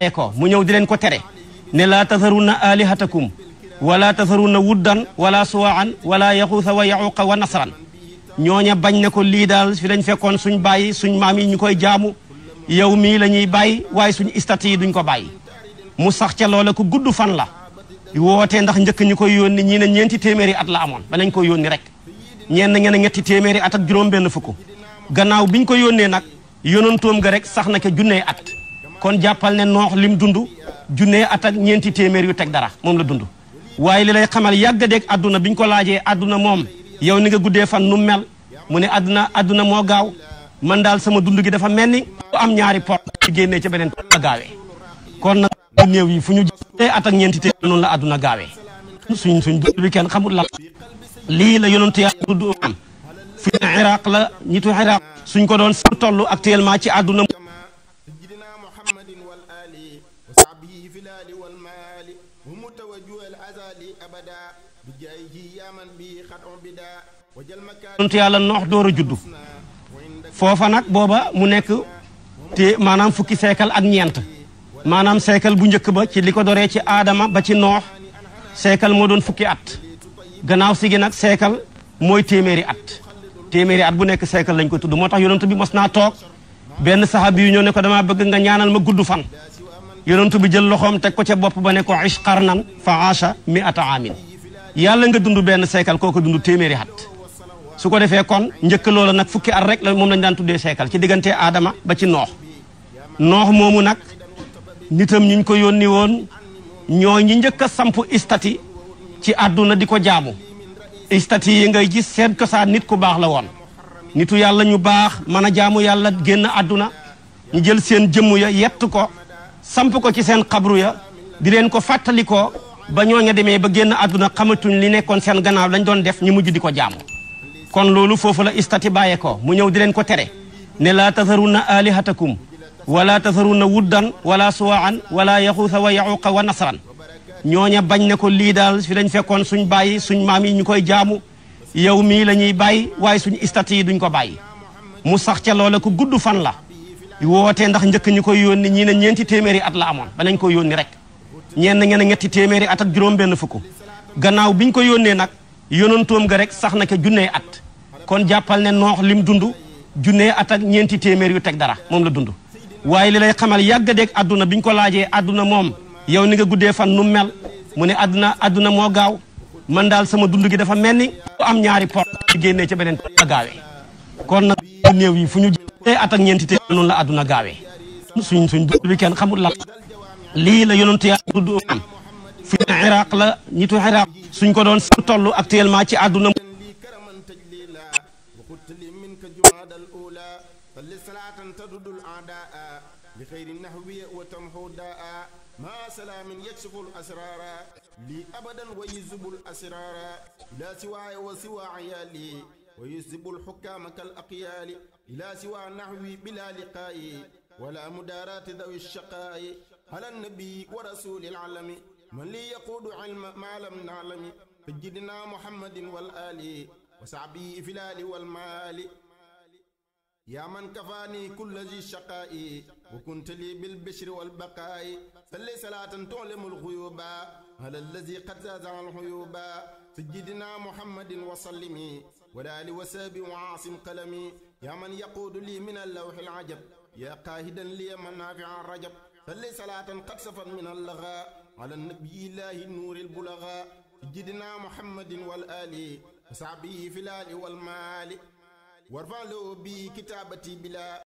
ee ko mu ñëw di leen ko tere ne laa tasarunna alihatakum wala tasarunna wuddan wala suwaan wala yaxuusa wa yaxuqa wa nasran ñooña bañ na ko lii daal fi lañ fekkoon suñ bàyyi suñ maam yi ñu koy jaamu yow mii la ñuy bàyyi waaye suñ istati duñ ko bàyyi mu sax ca loola ku gudd fan la woote ndax njëkk ñu koy yónni ñii ne ñeenti téeméeri at la amoon banañ ko yónni rek ñeen na ñeen a ñetti téeméeri at ak juróom benn fukk gannaaw biñ ko yónnee nag yonantoom ga rek sax na ca junnee at kon jàppal ne noox lim dund junnee at ak ñeenti téeméer yu teg dara moom la dund waaye li lay xamal yàgg deeg àdduna bi ñu ko laajee àdduna moom yow ni nga guddee fan nu mel mu ne àdduna àdduna moo gaaw man daal sama dund gi dafa mel ni am ñaari port ci ca beneen a gaawee kon nag néew fu ñu junnee at ak ñeenti téeméer noonu la adduna gaawee suñ suñ dund bi kenn xamul la lii la yonantu yàlla dund am fi Iraq la ñitu Iraq suñ ko doon fu toll actuellement ci àdduna yonent yàlla noox door a juddu foofa nag booba mu nekk te maanaam fukki seekal ak ñeent maanaam seekal bu njëkk ba ci li ko doree ci aadama ba ci noox seekal moo doon fukki at gannaaw si mooy téeméeri at téeméeri at bu nekk siècle lañ ko tudd moo tax yonent bi mos naa toog benn sahabi yu ñoo ne ko damaa bëgg nga ñaanal ma gudd fan yonent bi jël loxoom teg ko ca bopp ba ne ko ish qarnan fa aasha mi ata amin yàlla nga dund benn siècle koo dund téeméeri at su ko defee kon njëkk loola nag fukki at rek la moom lañ daan tuddee siècle ci diggante Adama ba ci noox noox moomu nag nitam ñu ko yónni woon ñoo ñi njëkk a samp istati ci àdduna di ko jaamu istati yi ngay gis seen cosaan nit ku baax la woon nitu yàlla ñu baax mën a jaamu yàlla génn adduna ñu jël seen jëmm ya yett ko samp ko ci seen xabru ya di leen ko fàttali fàttalikoo ba ñoo nga demee ba génn adduna xamatuñ li nekkoon seen gannaaw lañ doon def ñu mujj di ko jaamu kon loolu foofu la istati bàyyee ko mu ñëw di leen ko tere ne laa na alihatakum wala tasarunna wuddan wala suwaan wala yaxuusa wa yaxuuqa wa nasran ñooña bañ ne ko lii daal fi lañ fekkoon suñ bàyyi suñ maam yi ñu koy jaamu yow mii la ñuy bàyyi waaye suñ istati yi duñ ko bàyyi mu sax ca loola ku gudd fan la wootee ndax njëkk ñi koy yónni ñii ne ñeenti téeméeri at la amoon ba nañ ko yónni rek ñeen ngeen a ñetti téeméeri at ak juróom benn fukk gannaaw biñ ko yónnee nag yonantoom ga rek sax na ko junnee at kon jàppal ne noox lim dund junnee at ak ñeenti téeméer yu teg dara moom la dund waaye li lay xamal yàggadeeg àdduna biñ ko laajee àdduna moom yow ni nga guddee fan nu mel mu ne àdduna àdduna moo gaaw man daal sama dund gi dafa mel ni am ñaari port génnee ca beneen la gaawee kon nag néew yi fu ñu jëlee at ak ñeenti téeméer noonu la àdduna gaawee suñ suñ dund bi kenn xamul la lii la yonentu yàlla dudd am fi iraq suñ ko doon seen toll actuellement ci àdduna mu ما سلام يكشف الأسرار لي أبدا ويزب الأسرار لا سواي وسوى عيالي ويزب الحكام كالأقيال إلى سوى نحوي بلا لقاء ولا مدارات ذوي الشقاء على النبي ورسول العالم من لي يقود علم ما لم نعلم فجدنا محمد والآل وسعبي في والمال يا من كفاني كل ذي شقاء وكنت لي بالبشر والبقاء صلي صلاة تعلم الغيوب على الذي قد زازع الحيوب سجدنا محمد وسلمي ولا وسابي وعاصم قلمي يا من يقود لي من اللوح العجب يا قاهدا لي من نافع الرجب صلي صلاة قد سفر من اللغى على النبي الله نور البلغاء سجدنا محمد والآلي وصحبه في الآل والمال warfan loo bi kitaabati bila